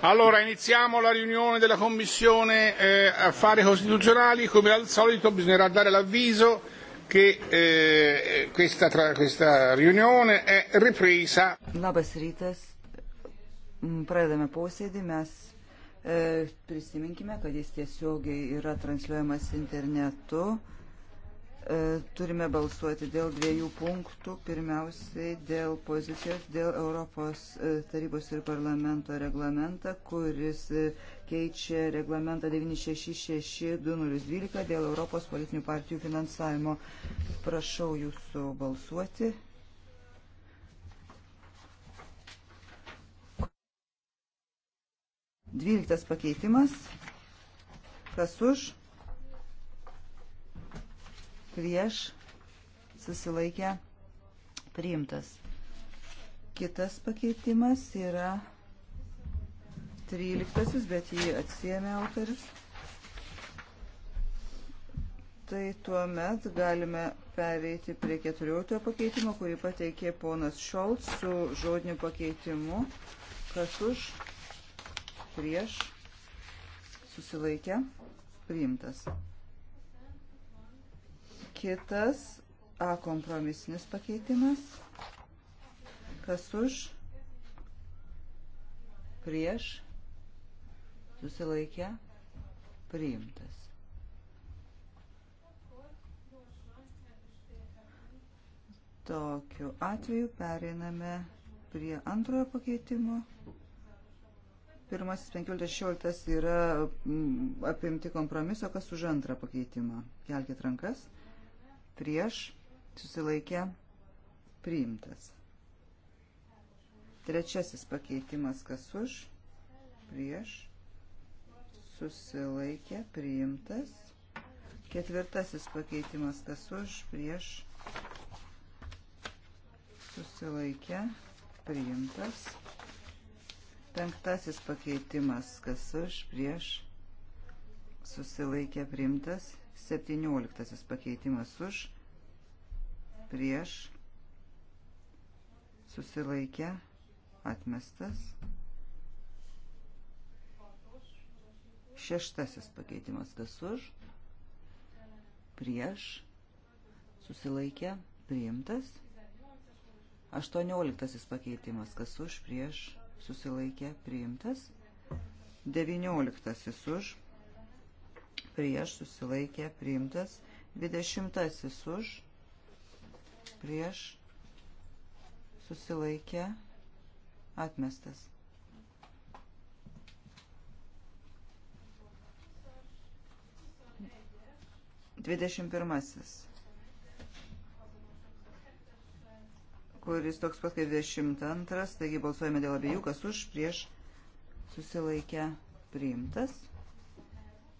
Allora iniziamo la riunione della Commissione eh, Affari Costituzionali, come al solito bisognerà dare l'avviso che eh, questa, tra, questa riunione è ripresa. Labas rytas, mm, pradedame posėdį, mes e, prisiminkime, kad jis tiesiogiai yra transliuojamas internetu. E, E, turime balsuoti dėl dviejų punktų. Pirmiausiai dėl pozicijos, dėl Europos e, tarybos ir parlamento reglamentą, kuris e, keičia reglamentą 966-2012 dėl Europos politinių partijų finansavimo. Prašau jūsų balsuoti. Dvyliktas pakeitimas. Kas už? prieš susilaikę priimtas. Kitas pakeitimas yra 13, bet jį atsiemė autoris. Tai tuo met galime pereiti prie 14 pakeitimo, kurį pateikė ponas Šolts su žodiniu pakeitimu. Kas už, prieš, susilaikę, priimtas. Kitas A kompromisinis pakeitimas. Kas už? Prieš? Susilaikę? Priimtas. Tokiu atveju pereiname prie antrojo pakeitimo. Pirmasis 15.16 yra mm, apimti kompromiso, kas už antrą pakeitimą. Kelkit rankas prieš, susilaikė, priimtas. Trečiasis pakeitimas, kas už, prieš, susilaikė, priimtas. Ketvirtasis pakeitimas, kas už, prieš, susilaikė, priimtas. Penktasis pakeitimas, kas už, prieš, susilaikė, priimtas. 17 pakeitimas už, prieš, susilaikę, atmestas. Šeštasis pakeitimas kas už, prieš, susilaikę, priimtas. Aštuonioliktasis pakeitimas kas už, prieš, susilaikę, priimtas. Devynioliktasis už, prieš prieš susilaikė priimtas, 20 už, prieš susilaikė atmestas. Dvidešimt pirmasis, kuris toks pat kaip dvidešimt antras, taigi balsuojame dėl abiejų, kas už, prieš susilaikę priimtas.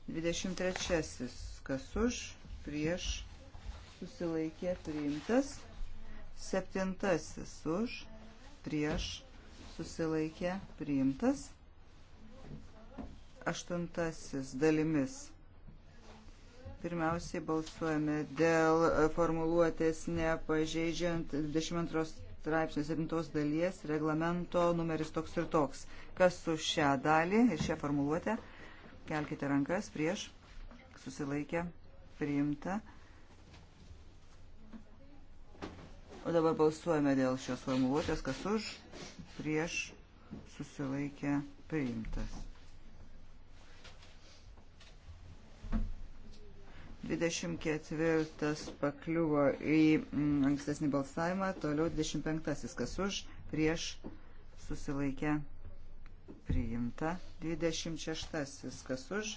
23. Kas už, prieš, susilaikė priimtas. 7. Už, prieš, susilaikė priimtas. 8. Dalimis. Pirmiausiai balsuojame dėl formuluotės nepažeidžiant 22 straipsnio 7 dalies reglamento numeris toks ir toks. Kas už šią dalį ir šią formuluotę? Kelkite rankas prieš susilaikę priimta. O dabar balsuojame dėl šios formuluotės, kas už prieš susilaikę priimtas. 24 pakliuvo į mm, ankstesnį balsavimą, toliau 25 kas už prieš susilaikę priimtas priimta. 26. Kas už,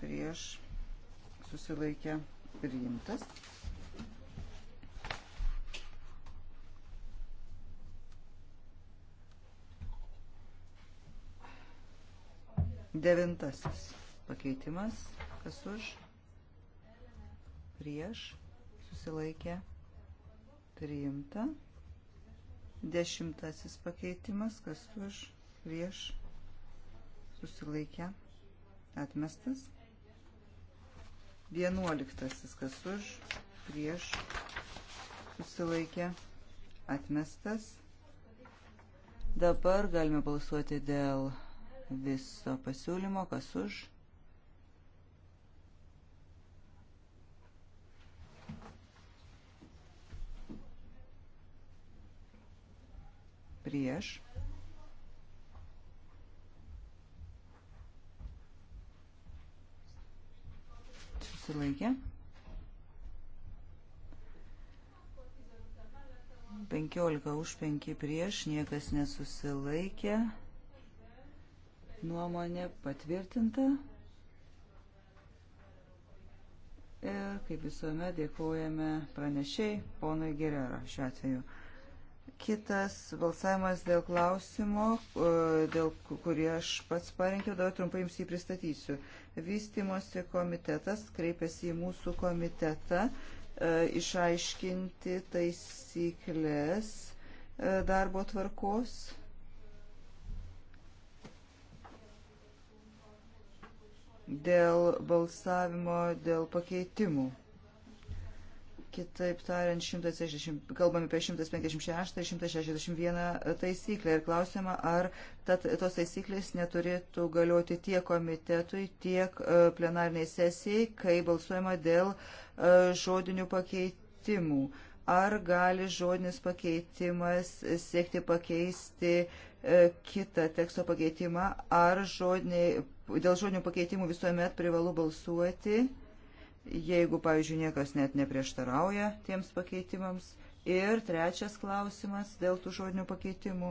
prieš, susilaikė, priimtas. Devintasis pakeitimas. Kas už? Prieš. Susilaikė. Priimta. Dešimtasis pakeitimas, kas už, prieš, susilaikę, atmestas. Vienuoliktasis, kas už, prieš, susilaikę, atmestas. Dabar galime balsuoti dėl viso pasiūlymo, kas už, prieš. Susilaikė. 15 už 5 prieš, niekas nesusilaikė. Nuomonė patvirtinta. Ir kaip visuomet dėkojame pranešiai ponui Gerero šiuo atveju. Kitas balsavimas dėl klausimo, e, dėl kurį aš pats parinkiau, dabar trumpai jums jį pristatysiu. Vystimosi komitetas kreipėsi į mūsų komitetą e, išaiškinti taisyklės e, darbo tvarkos. Dėl balsavimo, dėl pakeitimų. Kitaip tariant, 160, kalbame apie 156-161 taisyklę ir klausimą, ar tad, tos taisyklės neturėtų galioti tiek komitetui, tiek e, plenarniai sesijai, kai balsuojama dėl e, žodinių pakeitimų. Ar gali žodinis pakeitimas siekti pakeisti e, kitą teksto pakeitimą, ar žodiniai, dėl žodinių pakeitimų visuomet privalu balsuoti? jeigu, pavyzdžiui, niekas net neprieštarauja tiems pakeitimams. Ir trečias klausimas dėl tų žodinių pakeitimų.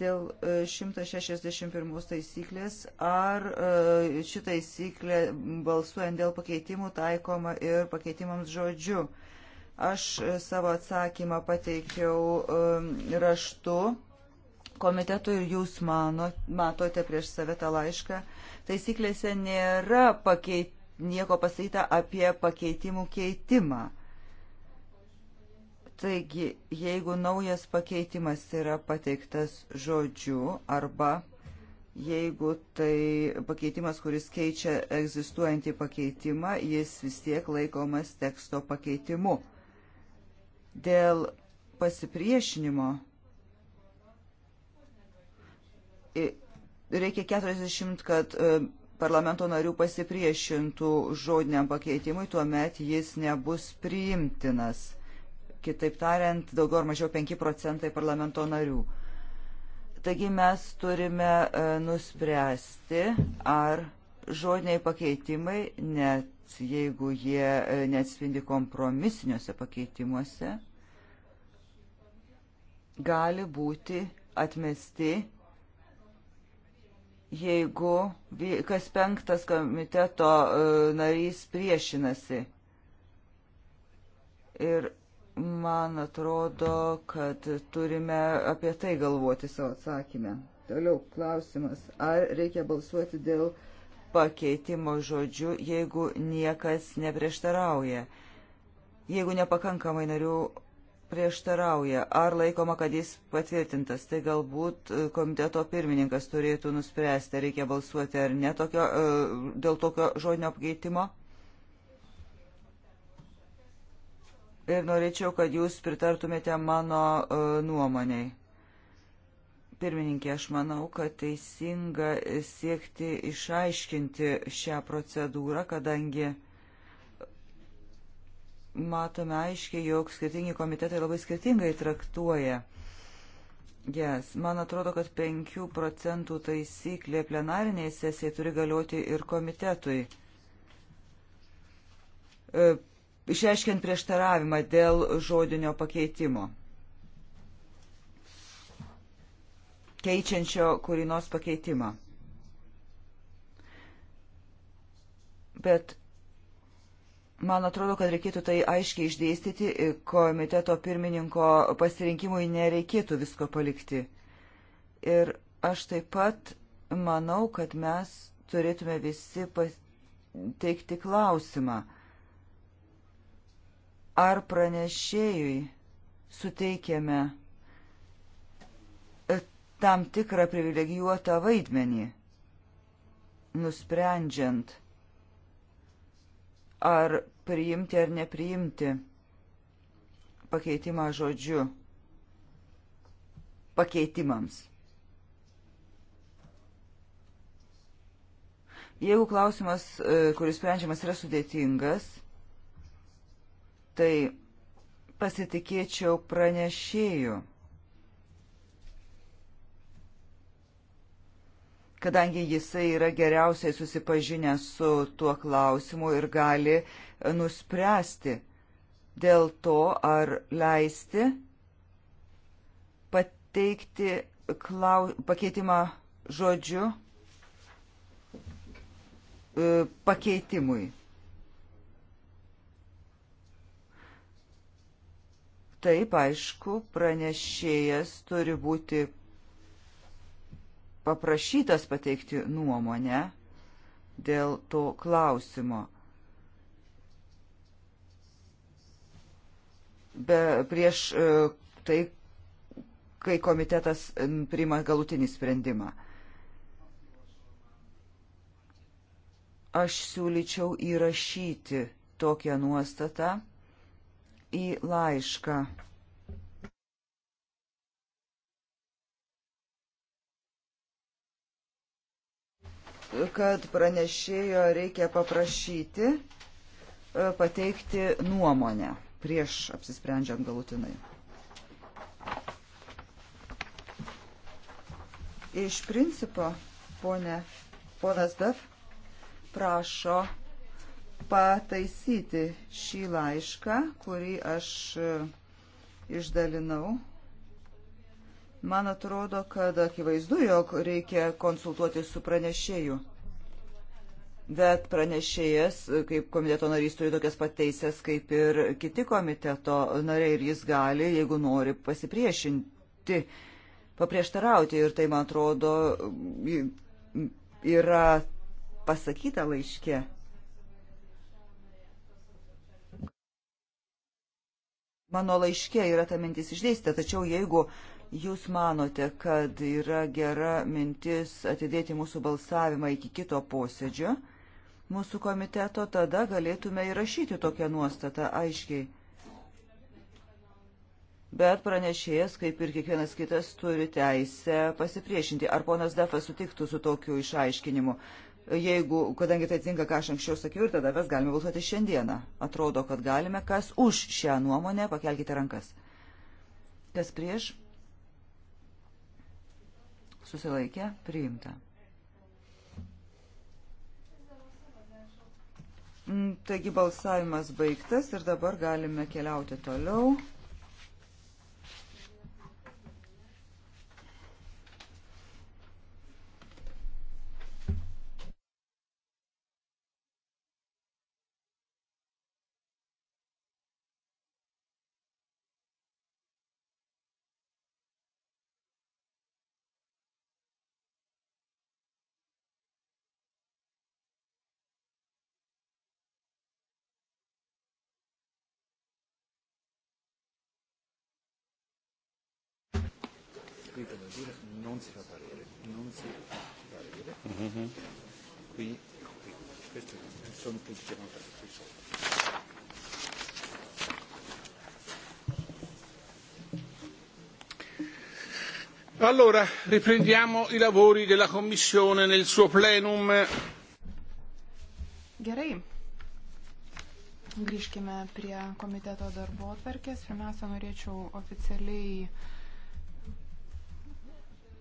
Dėl 161 e, taisyklės, ar e, ši taisyklė balsuojant dėl pakeitimų taikoma ir pakeitimams žodžiu. Aš e, savo atsakymą pateikiau raštu komitetui ir jūs mano, matote prieš save tą laišką. Taisyklėse nėra pakeitimų nieko pasakyta apie pakeitimų keitimą. Taigi, jeigu naujas pakeitimas yra pateiktas žodžiu arba jeigu tai pakeitimas, kuris keičia egzistuojantį pakeitimą, jis vis tiek laikomas teksto pakeitimu. Dėl pasipriešinimo reikia 40, kad e, parlamento narių pasipriešintų žodiniam pakeitimui, tuomet jis nebus priimtinas. Kitaip tariant, daugiau ar mažiau 5 procentai parlamento narių. Taigi mes turime e, nuspręsti, ar žodiniai pakeitimai, net jeigu jie e, neatspindi kompromisiniuose pakeitimuose, gali būti atmesti jeigu kas penktas komiteto e, narys priešinasi. Ir man atrodo, kad turime apie tai galvoti savo atsakymę. Toliau klausimas, ar reikia balsuoti dėl pakeitimo žodžių, jeigu niekas neprieštarauja, jeigu nepakankamai narių prieštarauja, ar laikoma, kad jis patvirtintas, tai galbūt e, komiteto pirmininkas turėtų nuspręsti, reikia balsuoti ar ne tokio, e, dėl tokio žodinio apkeitimo. Ir norėčiau, kad jūs pritartumėte mano e, nuomoniai. Pirmininkė, aš manau, kad teisinga siekti išaiškinti šią procedūrą, kadangi matome aiškiai, jog skirtingi komitetai labai skirtingai traktuoja jas. Yes. Man atrodo, kad 5 procentų taisyklė plenariniai sesijai turi galioti ir komitetui. E, Išreiškiant prieštaravimą dėl žodinio pakeitimo. Keičiančio kūrinos pakeitimą. Bet Man atrodo, kad reikėtų tai aiškiai išdėstyti, e, komiteto pirmininko pasirinkimui nereikėtų visko palikti. Ir aš taip pat manau, kad mes turėtume visi teikti klausimą, ar pranešėjui suteikėme e, tam tikrą privilegijuotą vaidmenį, nusprendžiant, ar priimti ar nepriimti pakeitimą žodžiu pakeitimams. Jeigu klausimas, e, kuris sprendžiamas, yra sudėtingas, tai pasitikėčiau pranešėjų. kadangi jisai yra geriausiai susipažinęs su tuo klausimu ir gali e, nuspręsti dėl to, ar leisti pateikti klau... pakeitimą žodžiu e, pakeitimui. Taip, aišku, pranešėjas turi būti paprašytas pateikti nuomonę dėl to klausimo. Be prieš e, tai, kai komitetas priima galutinį sprendimą. Aš siūlyčiau įrašyti tokią nuostatą į laišką. kad pranešėjo reikia paprašyti e, pateikti nuomonę prieš apsisprendžiant galutinai. Iš principo, ponė, ponas Bef prašo pataisyti šį laišką, kurį aš e, išdalinau Man atrodo, kad akivaizdu, jog reikia konsultuoti su pranešėju. Bet pranešėjas, kaip komiteto narys, turi tokias pat teisės kaip ir kiti komiteto nariai ir jis gali, jeigu nori, pasipriešinti, paprieštarauti. Ir tai, man atrodo, yra pasakyta laiške. Mano laiške yra ta mintis išdėstė, tačiau jeigu uh, jūs manote, kad yra gera mintis atidėti mūsų balsavimą iki kito posėdžio mūsų komiteto, tada galėtume įrašyti tokią nuostatą aiškiai. Bet pranešėjas, kaip ir kiekvienas kitas, turi teisę pasipriešinti. Ar ponas Dafas sutiktų su tokiu išaiškinimu? Jeigu, kadangi tai tinka, ką aš anksčiau sakiau, ir tada mes galime balsuoti šiandieną. Atrodo, kad galime. Kas už šią nuomonę, pakelkite rankas. Kas prieš? susilaikė, priimta. Mm, taigi balsavimas baigtas ir dabar galime keliauti toliau. dire non si fa parere, non si fa parere. Mm-hmm. Qui, qui, questi sono tutti che non fanno Allora, riprendiamo i lavori della Commissione nel suo plenum. Gerai. Grįžkime prie komiteto darbo atverkės. Pirmiausia, norėčiau oficialiai uh,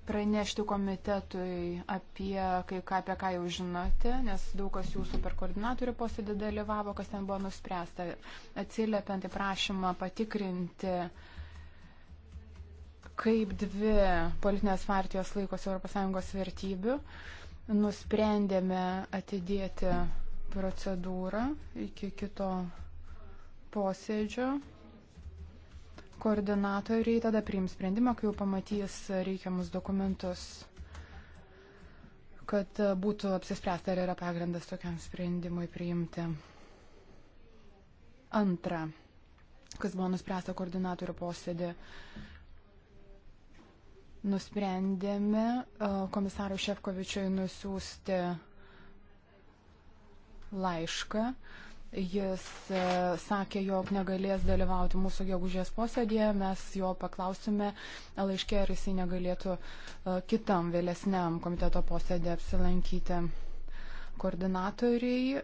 pranešti komitetui apie kai ką, apie ką jau žinote, nes daug kas jūsų per koordinatorių posėdį dalyvavo, kas ten buvo nuspręsta, atsiliepiant į prašymą patikrinti, kaip dvi politinės partijos laikosi ES vertybių, nusprendėme atidėti procedūrą iki kito posėdžio Koordinatoriai tada priims sprendimą, kai jau pamatys reikiamus dokumentus, kad būtų apsispręsta, ar yra pagrindas tokiam sprendimui priimti. Antra, kas buvo nuspręsta koordinatorių posėdė, nusprendėme e, komisarui Šefkovičiui nusiųsti laišką, uh, Jis e, sakė, jog negalės dalyvauti mūsų gegužės posėdėje, mes jo paklausime e, laiškė, ar jisai negalėtų e, kitam vėlesniam komiteto posėdė apsilankyti. Koordinatoriai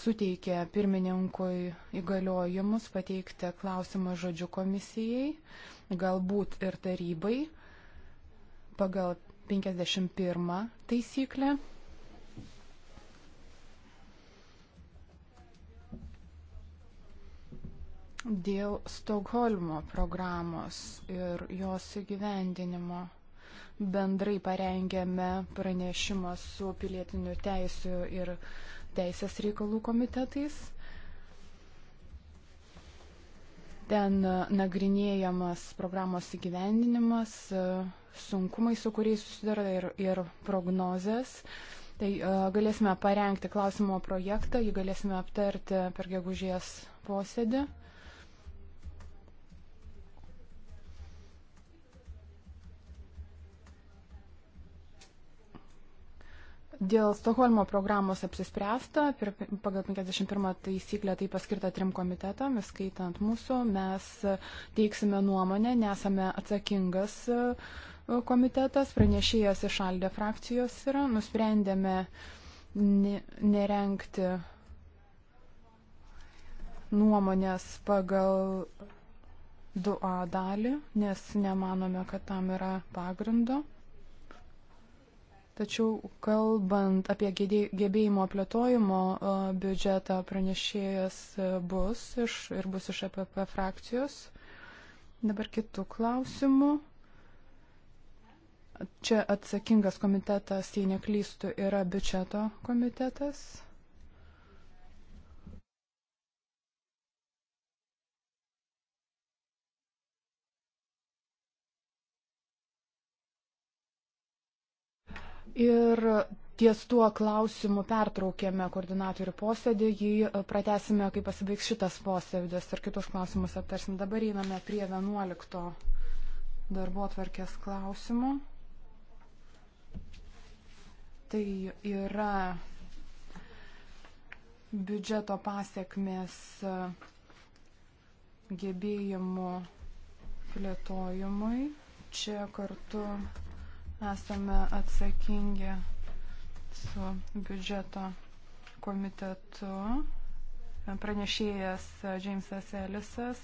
suteikė pirmininkui įgaliojimus pateikti klausimą žodžiu komisijai, galbūt ir tarybai pagal 51 taisyklę. dėl Stokholmo programos ir jos įgyvendinimo. Bendrai parengėme pranešimą su pilietiniu teisų ir teisės reikalų komitetais. Ten nagrinėjamas programos įgyvendinimas, sunkumai, su kuriais susidara ir, ir prognozės. Tai e, galėsime parengti klausimo projektą, jį galėsime aptarti per gegužės posėdį. Dėl Stokholmo programos apsispręsta, pagal 51 taisyklę tai paskirta trim komitetam, skaitant mūsų, mes teiksime nuomonę, nesame atsakingas e, komitetas, pranešėjas išaldė frakcijos yra, nusprendėme nerenkti nuomonės pagal 2A dalį, nes nemanome, kad tam yra pagrindo. Tačiau kalbant apie gebėjimo plėtojimo biudžetą, pranešėjas bus iš, ir bus iš APP e frakcijos. Dabar kitų klausimų. Čia atsakingas komitetas, jei neklystų, yra biudžeto komitetas. Ir ties tuo klausimu pertraukėme koordinatorių posėdį, jį e, pratesime, kai pasibaigs šitas posėdis ir kitus klausimus aptarsim. Dabar einame prie 11 darbo atvarkės klausimų. Tai yra biudžeto pasiekmes e, gebėjimų plėtojimui. Čia kartu esame atsakingi su biudžeto komitetu. Pranešėjas Džeimsas Ellisas.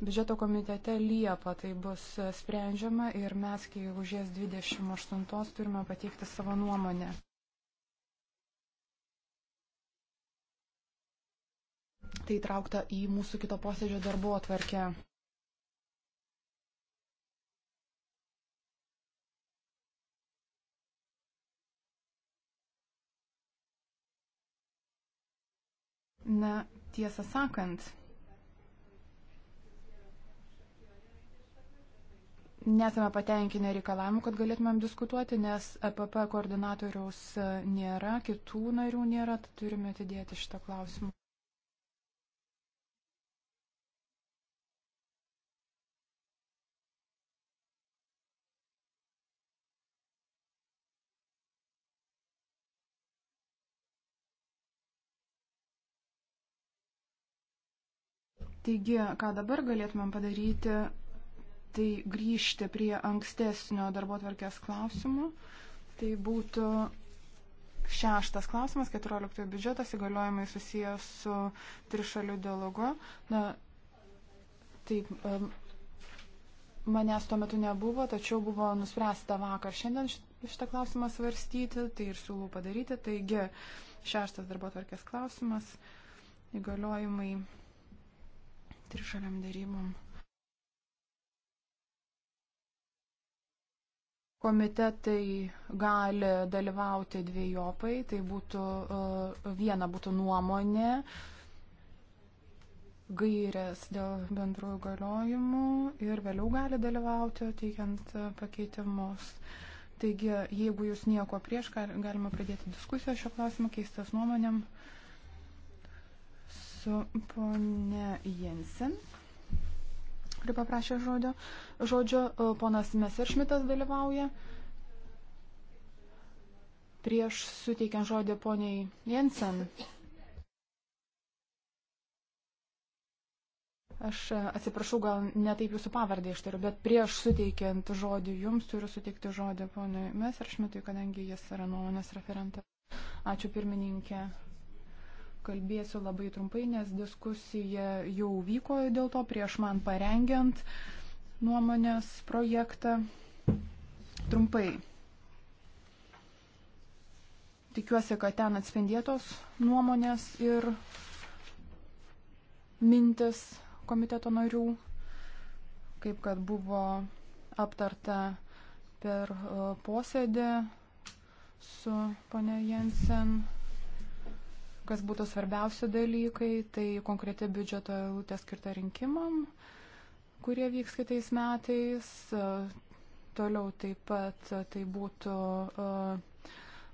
Biudžeto komitete Liepa tai bus sprendžiama ir mes, kai užės 28, turime pateikti savo nuomonę. Tai traukta į mūsų kito posėdžio darbo atvarkę. Na, tiesą sakant, nesame patenkinę reikalavimu, kad galėtumėm diskutuoti, nes EPP koordinatoriaus e, nėra, kitų narių nėra, turime atidėti šitą klausimą. Taigi, ką dabar galėtumėm padaryti, tai grįžti prie ankstesnio darbo tvarkės klausimų. Tai būtų šeštas klausimas, 14 biudžetas įgaliojimai susijęs su trišaliu dialogu. Na, taip, manęs tuo metu nebuvo, tačiau buvo nuspręsta vakar šiandien šitą klausimą svarstyti, tai ir siūlau padaryti. Taigi, šeštas darbo tvarkės klausimas, įgaliojimai trišaliam darybom. Komitetai gali dalyvauti dviejopai, tai būtų e, viena būtų nuomonė, gairės dėl bendrųjų galiojimų ir vėliau gali dalyvauti teikiant e, pakeitimus. Taigi, jeigu jūs nieko prieš, galima pradėti diskusiją šio klausimu, keistas nuomonėm su ponė Jensen, kuri paprašė žodžio. žodžio e, ponas Messeršmitas dalyvauja. Prieš suteikiant žodį poniai Jensen. Aš e, atsiprašau, gal netaip jūsų pavardę ištariu, bet prieš suteikiant žodį jums turiu suteikti žodį ponui Messeršmitui, kadangi jis yra nuomonės referentas. Ačiū pirmininkė. Kalbėsiu labai trumpai, nes diskusija jau vyko dėl to prieš man parengiant nuomonės projektą. Trumpai. Tikiuosi, kad ten atspindėtos nuomonės ir mintis komiteto narių, kaip kad buvo aptarta per e, posėdį su ponia Jensen kas būtų svarbiausi dalykai, tai konkreti biudžeto eilutė skirta rinkimam, kurie vyks kitais metais. Toliau taip pat tai būtų e,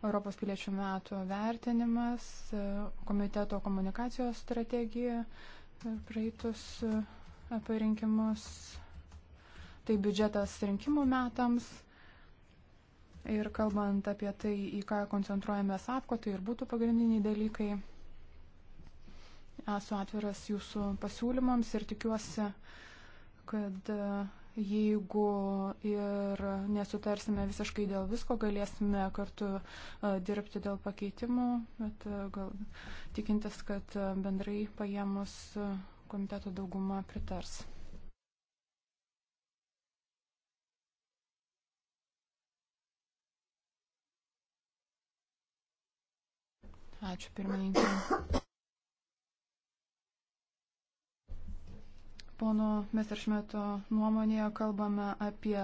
Europos piliečių metų vertinimas, e, komiteto komunikacijos strategija e, praeitus apie rinkimus, tai biudžetas rinkimų metams Ir kalbant apie tai, į ką koncentruojame SAPKO, tai ir būtų pagrindiniai dalykai. Esu atviras jūsų pasiūlymams ir tikiuosi, kad e, jeigu ir nesutarsime visiškai dėl visko, galėsime kartu e, dirbti dėl pakeitimų, bet e, gal tikintis, kad bendrai paėmus komiteto dauguma pritars. Ačiū pirmininkė. Pono Mesteršmeto nuomonėje kalbame apie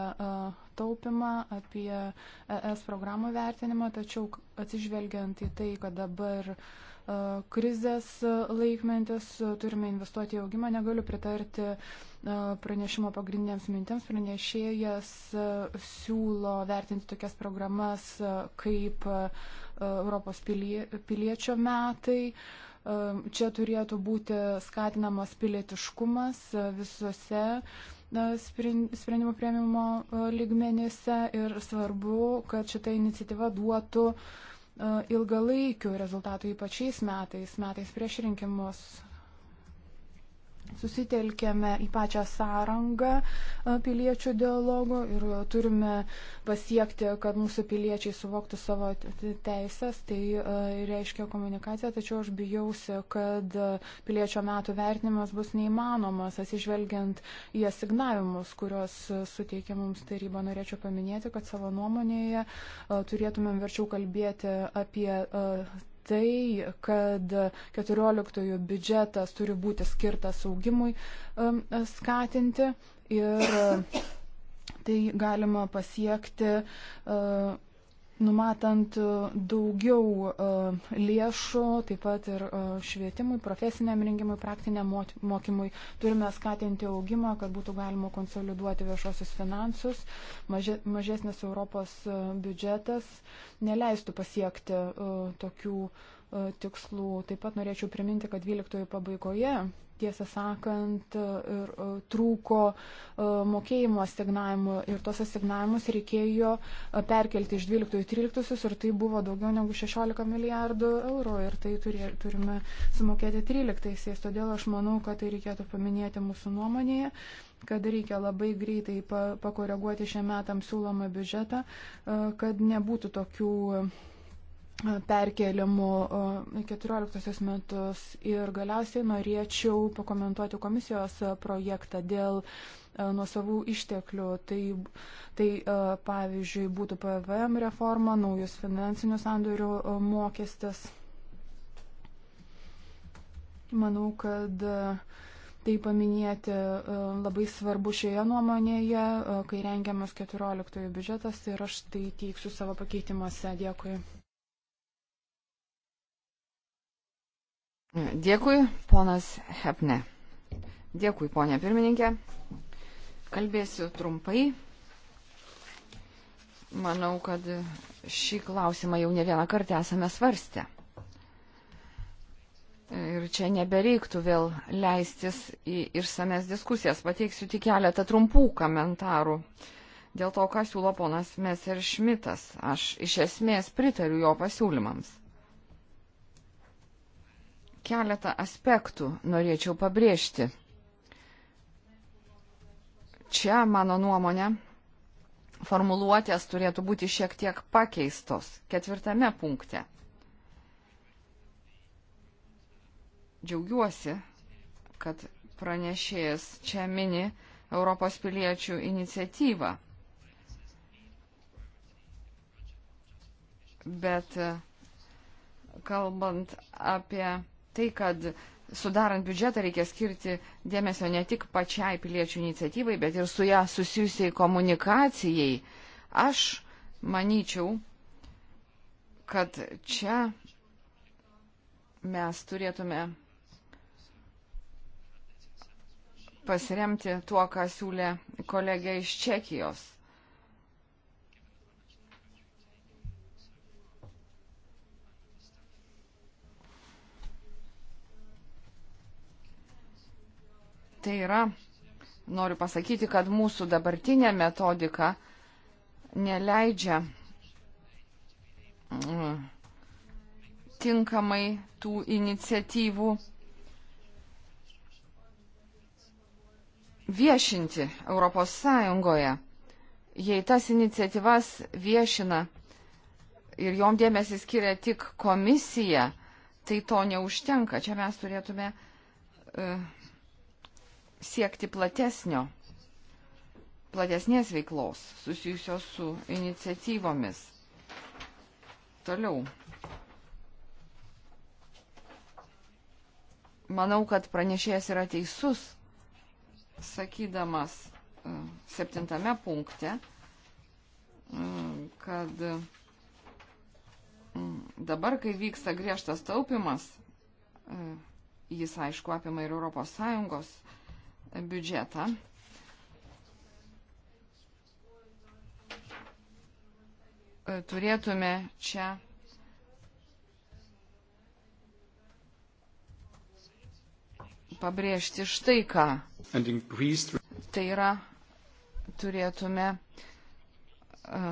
taupimą, apie ES programų vertinimą, tačiau atsižvelgiant į tai, kad dabar krizės laikmentis turime investuoti į augimą, negaliu pritarti pranešimo pagrindiniams mintims. Pranešėjas siūlo vertinti tokias programas kaip Europos pilie, piliečio metai. Čia turėtų būti skatinamas pilietiškumas e, visose e, sprendimų prieimimo e, lygmenėse ir svarbu, kad šita iniciatyva duotų ilgalaikių rezultatų, ypač šiais metais, metais prieš rinkimus susitelkėme į pačią sąrangą e, piliečių dialogo ir turime pasiekti, kad mūsų piliečiai suvoktų savo teisės. Tai e, reiškia komunikacija, tačiau aš bijausi, kad piliečio metų vertinimas bus neįmanomas, atsižvelgiant į asignavimus, kuriuos suteikė mums taryba. Norėčiau paminėti, kad savo nuomonėje e, turėtumėm verčiau kalbėti apie tai, kad 14-ųjų biudžetas turi būti skirtas augimui skatinti ir tai galima pasiekti e, numatant e, daugiau e, lėšų, taip pat ir e, švietimui, profesiniam rengimui, praktiniam mokymui. Turime skatinti augimą, kad būtų galima konsoliduoti viešosius finansus. Maže, mažesnis Europos biudžetas neleistų pasiekti tokių E, tikslų. Taip pat norėčiau priminti, kad 12 pabaigoje, tiesą sakant, e, ir, e, trūko mokėjimo asignavimų ir tos asignavimus reikėjo perkelti iš 12 į 13 ir tai buvo daugiau negu 16 milijardų eurų ir tai turė, turime sumokėti 13-aisiais. Todėl aš manau, kad tai reikėtų paminėti mūsų nuomonėje kad reikia labai greitai pa, pakoreguoti šiam metam siūlomą biudžetą, kad nebūtų tokių perkeliamų 14 metus. Ir galiausiai norėčiau pakomentuoti komisijos projektą dėl e, nuo savų išteklių. Tai, tai e, pavyzdžiui būtų PVM reforma, naujus finansinių sandorių e, mokestis. Manau, kad tai paminėti labai svarbu šioje nuomonėje, kai rengiamas 14 biudžetas ir aš tai teiksiu savo pakeitimuose. Dėkui. Dėkui, ponas Hepne. Dėkui, ponė pirmininkė. Kalbėsiu trumpai. Manau, kad šį klausimą jau ne vieną kartą esame svarstę. Ir čia nebereiktų vėl leistis į išsames diskusijas. Pateiksiu tik keletą trumpų komentarų. Dėl to, ką siūlo ponas Meser Šmitas, aš iš esmės pritariu jo pasiūlymams keletą aspektų norėčiau pabrėžti. Čia, mano nuomonė, formuluotės turėtų būti šiek tiek pakeistos ketvirtame punkte. Džiaugiuosi, kad pranešėjas čia mini Europos piliečių iniciatyvą. Bet kalbant apie tai, kad sudarant biudžetą reikia skirti dėmesio ne tik pačiai piliečių iniciatyvai, bet ir su ją susijusiai komunikacijai. Aš manyčiau, kad čia mes turėtume pasiremti tuo, ką siūlė kolegė iš Čekijos. Tai yra, noriu pasakyti, kad mūsų dabartinė metodika neleidžia mm, tinkamai tų iniciatyvų viešinti Europos Sąjungoje. Jei tas iniciatyvas viešina ir jom dėmesį skiria tik komisija, tai to neužtenka. Čia mes turėtume uh, siekti platesnio, platesnės veiklos susijusios su iniciatyvomis. Toliau. Manau, kad pranešėjas yra teisus, sakydamas e, septintame punkte, e, kad e, dabar, kai vyksta griežtas taupimas, jis aišku apima ir Europos Sąjungos biudžetą. Turėtume čia pabrėžti štai ką. Tai yra, turėtume e,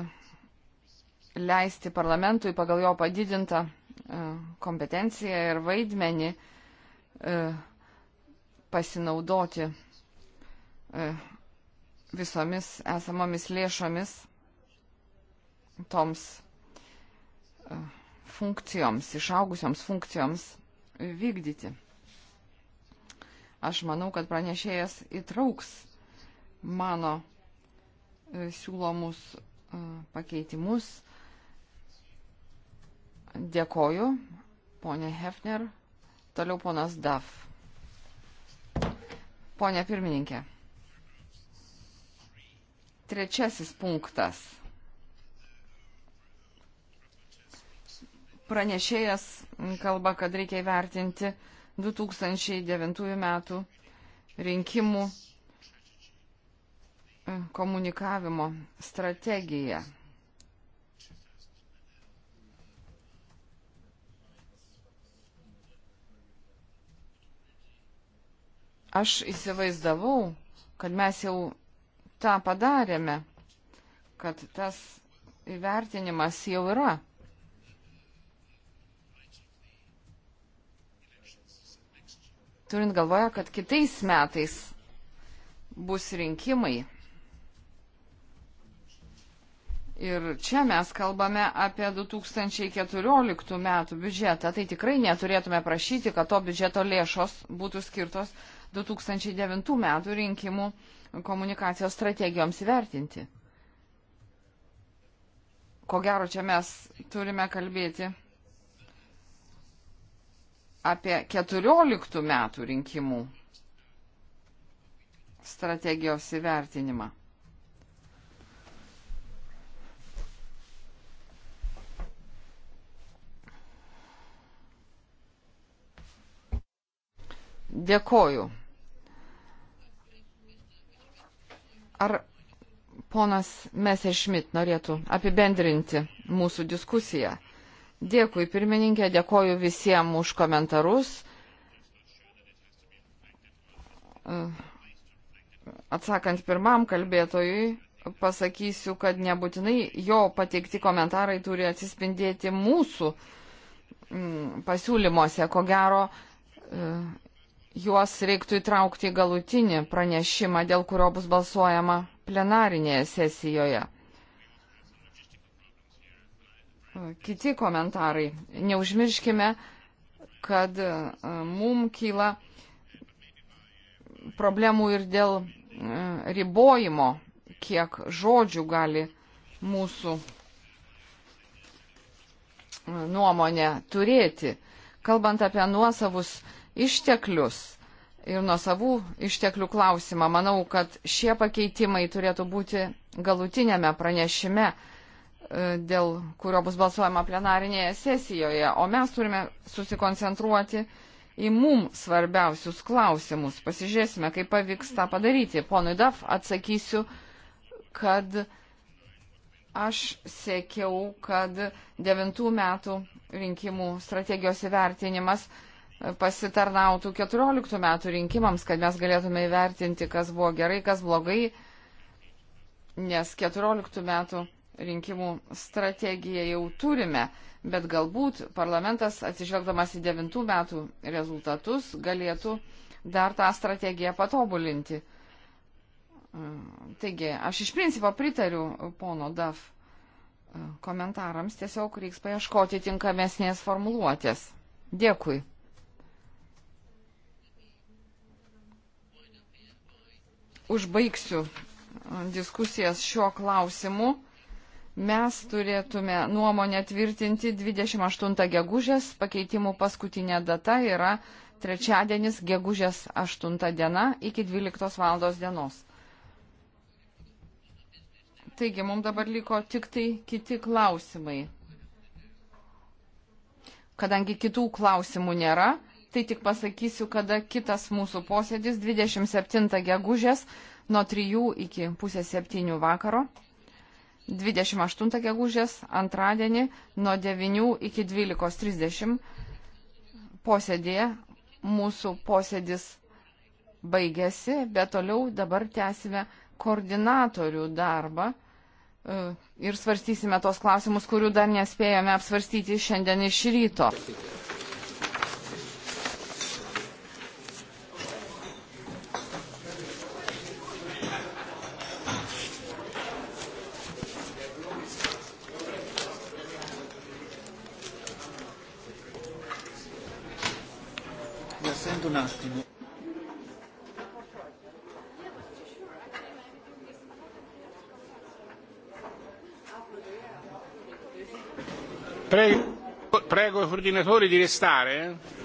leisti parlamentui pagal jo padidintą e, kompetenciją ir vaidmenį e, pasinaudoti E, visomis esamomis lėšomis toms e, funkcijoms, išaugusioms funkcijoms vykdyti. Aš manau, kad pranešėjas įtrauks mano e, siūlomus pakeitimus. Dėkoju, ponė Hefner. Toliau ponas Daf. Pone pirmininkė. Trečiasis punktas. Pranešėjas kalba, kad reikia įvertinti 2009 metų rinkimų e, komunikavimo strategiją. Aš įsivaizdavau, kad mes jau tą padarėme, kad tas įvertinimas jau yra. Turint galvoje, kad kitais metais bus rinkimai. Ir čia mes kalbame apie 2014 metų biudžetą. Tai tikrai neturėtume prašyti, kad to biudžeto lėšos būtų skirtos 2009 metų rinkimų komunikacijos strategijoms įvertinti. Ko gero, čia mes turime kalbėti apie 14 metų rinkimų strategijos įvertinimą. Dėkoju. Ar ponas Mesešmit norėtų apibendrinti mūsų diskusiją? Dėkui, pirmininkė, dėkoju visiems už komentarus. Atsakant pirmam kalbėtojui, pasakysiu, kad nebūtinai jo pateikti komentarai turi atsispindėti mūsų mm, pasiūlymuose. Ko gero, juos reiktų įtraukti į galutinį pranešimą, dėl kurio bus balsuojama plenarinėje sesijoje. Kiti komentarai. Neužmirškime, kad e, mum kyla problemų ir dėl e, ribojimo, kiek žodžių gali mūsų e, nuomonė turėti. Kalbant apie nuosavus išteklius ir nuo savų išteklių klausimą, manau, kad šie pakeitimai turėtų būti galutinėme pranešime, e, dėl kurio bus balsuojama plenarinėje sesijoje, o mes turime susikoncentruoti į mum svarbiausius klausimus. Pasižiūrėsime, kaip pavyks tą padaryti. Ponui Daf atsakysiu, kad aš sėkiau, kad devintų metų rinkimų strategijos įvertinimas pasitarnautų 14 metų rinkimams, kad mes galėtume įvertinti, kas buvo gerai, kas blogai, nes 14 metų rinkimų strategiją jau turime, bet galbūt parlamentas, atsižvelgdamas į 9 metų rezultatus, galėtų dar tą strategiją patobulinti. Taigi, aš iš principo pritariu pono DAF komentarams, tiesiog reiks paieškoti tinkamesnės formuluotės. Dėkui. užbaigsiu diskusijas šiuo klausimu. Mes turėtume nuomonę tvirtinti 28 gegužės, pakeitimų paskutinė data yra trečiadienis gegužės 8 diena iki 12 val. dienos. Taigi, mums dabar liko tik tai kiti klausimai. Kadangi kitų klausimų nėra, tai tik pasakysiu, kada kitas mūsų posėdis 27 gegužės nuo 3 iki pusės 7 vakaro. 28 gegužės antradienį nuo 9 iki 12.30 posėdėje mūsų posėdis baigėsi, bet toliau dabar tęsime koordinatorių darbą e, ir svarstysime tos klausimus, kurių dar nespėjome apsvarstyti šiandien iš ryto. coordinatori di restare?